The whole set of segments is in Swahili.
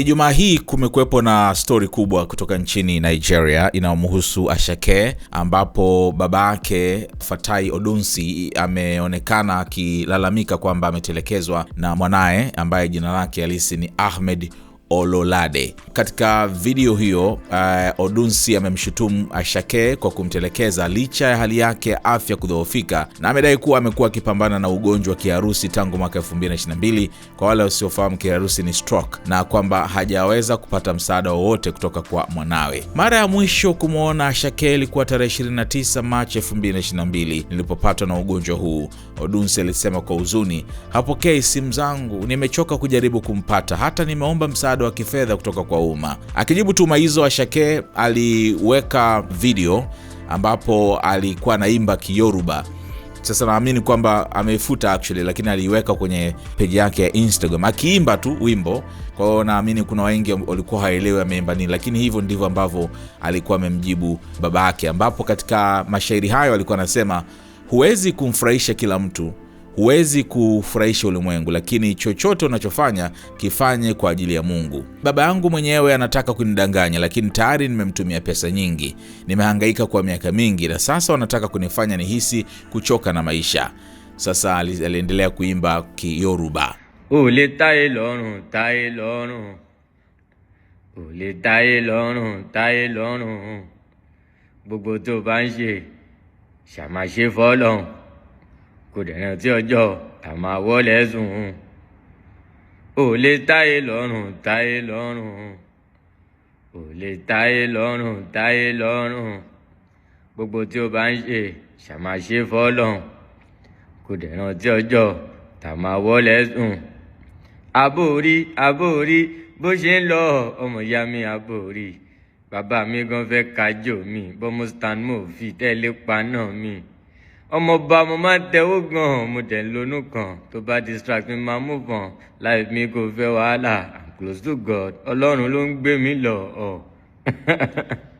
Ijumaa hii kumekuwepo na stori kubwa kutoka nchini Nigeria inayomhusu Asake, ambapo baba yake Fatai Odunsi ameonekana akilalamika kwamba ametelekezwa na mwanaye ambaye jina lake halisi ni Ahmed Ololade. Katika video hiyo uh, Odunsi amemshutumu Ashake kwa kumtelekeza licha ya hali yake ya afya kudhoofika, na amedai kuwa amekuwa akipambana na ugonjwa wa kiharusi tangu mwaka 222 Kwa wale wasiofahamu, kiharusi ni stroke, na kwamba hajaweza kupata msaada wowote kutoka kwa mwanawe. Mara ya mwisho kumwona Ashake ilikuwa tarehe 29 Machi 222 nilipopatwa na ugonjwa huu, Odunsi alisema kwa huzuni. Hapokei simu zangu, nimechoka kujaribu kumpata, hata nimeomba msaada msaada wa kifedha kutoka kwa umma. Akijibu tuhuma hizo, Ashake aliweka video ambapo alikuwa anaimba Kiyoruba. Sasa naamini kwamba ameifuta actually, lakini aliiweka kwenye peji yake ya Instagram akiimba tu wimbo. Kwa hiyo naamini kuna wengi walikuwa haelewi ameimba nini, lakini hivyo ndivyo ambavyo alikuwa amemjibu baba yake, ambapo katika mashairi hayo alikuwa anasema, huwezi kumfurahisha kila mtu Huwezi kufurahisha ulimwengu, lakini chochote unachofanya kifanye kwa ajili ya Mungu. Baba yangu mwenyewe anataka kunidanganya, lakini tayari nimemtumia pesa nyingi, nimehangaika kwa miaka mingi, na sasa wanataka kunifanya nihisi kuchoka na maisha. Sasa aliendelea kuimba Kiyoruba. Ule tae lọ́rùn ule tae lọ́rùn tae lọ́rùn, kò dẹ̀ rántí ọjọ́ àmọ́ àwọ̀lẹ̀ sùn ò lè táyé lọ́rùn táyé lọ́rùn ò lè táyé lọ́rùn táyé lọ́rùn gbogbo tí o bá ń ṣe ṣàmáṣe fọ́lọ́hún kò dẹ̀ rántí ọjọ́ tàmá wọlé sùn àbórí àbórí bó ṣe ń lọ ọmọ ìyá mi àbórí bàbá mi gan fẹ́ kájò mi bọ́mọ stanmo fi tẹ́lẹ̀ pa mi ọmọọba mo máa ń tẹwọ́ gan-an mo dẹ̀ ń lonú kan tó bá distract mi máa mú kan life mi kò fẹ́ wàhálà i'm close to God ọlọ́run ló ń gbé mi lọ.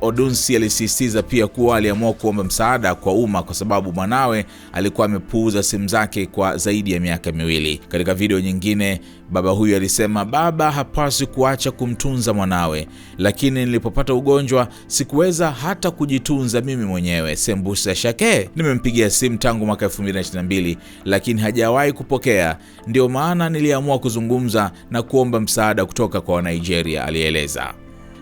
Odunsi alisisitiza pia kuwa aliamua kuomba msaada kwa umma kwa sababu mwanawe alikuwa amepuuza simu zake kwa zaidi ya miaka miwili. Katika video nyingine, baba huyu alisema, baba hapaswi kuacha kumtunza mwanawe, lakini nilipopata ugonjwa sikuweza hata kujitunza mimi mwenyewe. Sembusa Shake nimempigia simu tangu mwaka 2022 lakini hajawahi kupokea, ndio maana niliamua kuzungumza na kuomba msaada kutoka kwa Wanigeria, alieleza.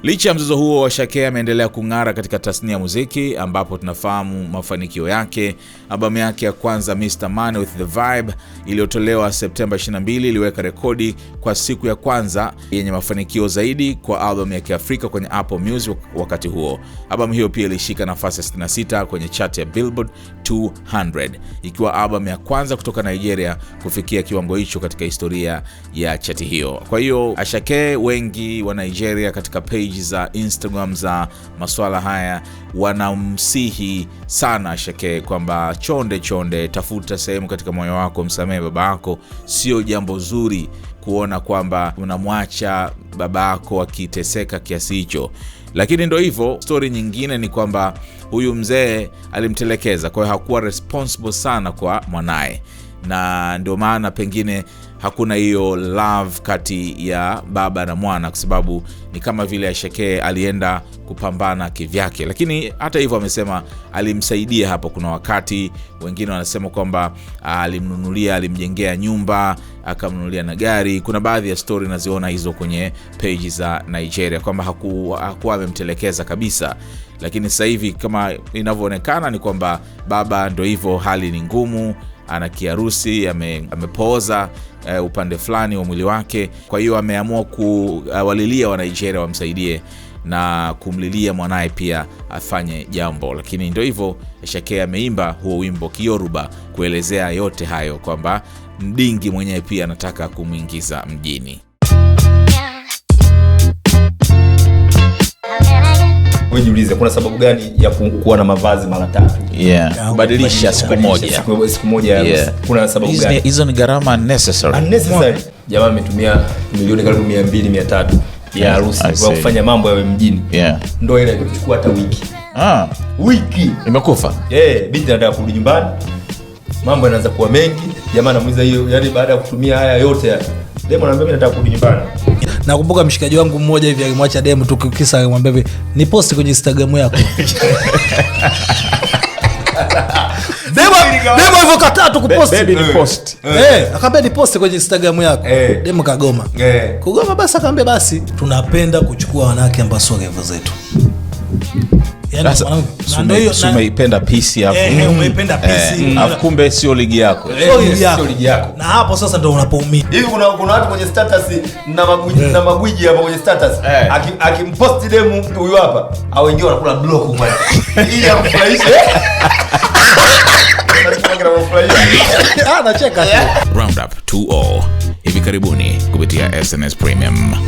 Licha ya mzozo huo, Washake ameendelea kung'ara katika tasnia ya muziki, ambapo tunafahamu mafanikio yake. Albamu yake ya kwanza Mr Man with the Vibe iliyotolewa Septemba 22 iliweka rekodi kwa siku ya kwanza yenye mafanikio zaidi kwa albamu ya Kiafrika kwenye Apple Music wakati huo. Albamu hiyo pia ilishika nafasi ya 66 kwenye chati ya Billboard 200 ikiwa albamu ya kwanza kutoka Nigeria kufikia kiwango hicho katika historia ya chati hiyo. Kwa hiyo Ashake, wengi wa Nigeria katika page nyingi za Instagram za masuala haya wanamsihi sana Shekee kwamba chonde chonde, tafuta sehemu katika moyo wako, msamehe baba yako. Sio jambo zuri kuona kwamba unamwacha baba yako akiteseka kiasi hicho, lakini ndo hivyo. Stori nyingine ni kwamba huyu mzee alimtelekeza, kwa hiyo hakuwa responsible sana kwa mwanaye, na ndio maana pengine hakuna hiyo love kati ya baba na mwana, kwa sababu ni kama vile ashekee alienda kupambana kivyake. Lakini hata hivyo, amesema alimsaidia hapo. Kuna wakati wengine wanasema kwamba alimnunulia, alimjengea nyumba, akamnunulia na gari. Kuna baadhi ya stori naziona hizo kwenye peji za Nigeria kwamba hakuwa amemtelekeza kabisa lakini sasa hivi kama inavyoonekana ni kwamba baba ndo hivyo, hali ni ngumu, ana kiharusi, ame, amepooza uh, upande fulani wa mwili wake. Kwa hiyo ameamua kuwalilia eh, uh, wa Nigeria wamsaidie na kumlilia mwanaye pia afanye jambo, lakini ndio hivyo. Shakee ameimba huo wimbo kioruba kuelezea yote hayo kwamba Mdingi mwenyewe pia anataka kumwingiza mjini. wewe kuna sababu gani ya kuwa na mavazi mara tatu yeah. kubadilisha siku moja siku moja yeah. kuna sababu gani hizo ni gharama unnecessary unnecessary jamaa ametumia milioni karibu 200 300 ya harusi kwa kufanya mambo yawe mjini yeah. ndio ile imechukua hata wiki ah. wiki imekufa eh yeah, binti anataka kurudi nyumbani mambo yanaanza kuwa mengi jamaa anamuuliza hiyo yani baada ya kutumia haya yote demo naambia mimi nataka kurudi nyumbani Nakumbuka mshikaji wangu mmoja hivi alimwacha demu tukikisa kisa, hivi ni posti kwenye Instagram yako demu kagoma eh. Kugoma basi akaambia basi tunapenda kuchukua wanawake ambao sio revo zetu Yaani umeipenda pisi eh, eh, ah, sio ligi eh, yako. Na hapo sasa ndo unapoumia. Hivi kuna watu kwenye status na magwiji na magwiji hapo kwenye status, akimposti demu huyu hapa, au wanakula block ili amfurahishe. Anacheka hivi karibuni kupitia SNS Premium.